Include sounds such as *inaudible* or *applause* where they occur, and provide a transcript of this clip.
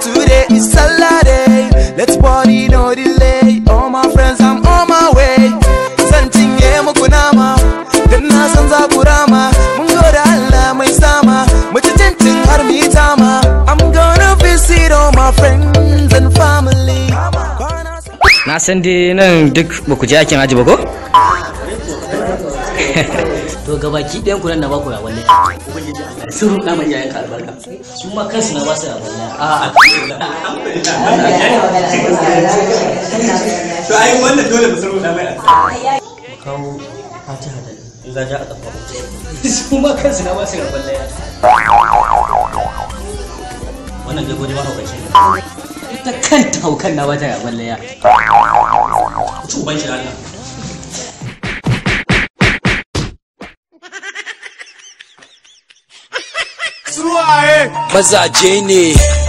Today is Saturday, let's party no delay. All my friends, I'm on my way. Zan cinye muku nama, dan na san Allah sama, mu ci cincin har tama. I'm gonna visit all my friends and family. Nasendi, no, Dick nan duk je akin aji ba ko? *laughs* to ga baki ɗayan kunan na ba ku rawan laifi ubangiji a sun ruɗa mai yayan ka albarka su ma kansu na ba su rawan laifi a to ai wannan dole mu sun ruɗa mai kawo fatiha da in gaja a kafa su ma kansu na ba su rawan laifi wannan dai gwaji ma haukaci ita kanta haukan na ba ta rawan laifi ban shi Allah su Suwaye. Eh. Mazaje ne.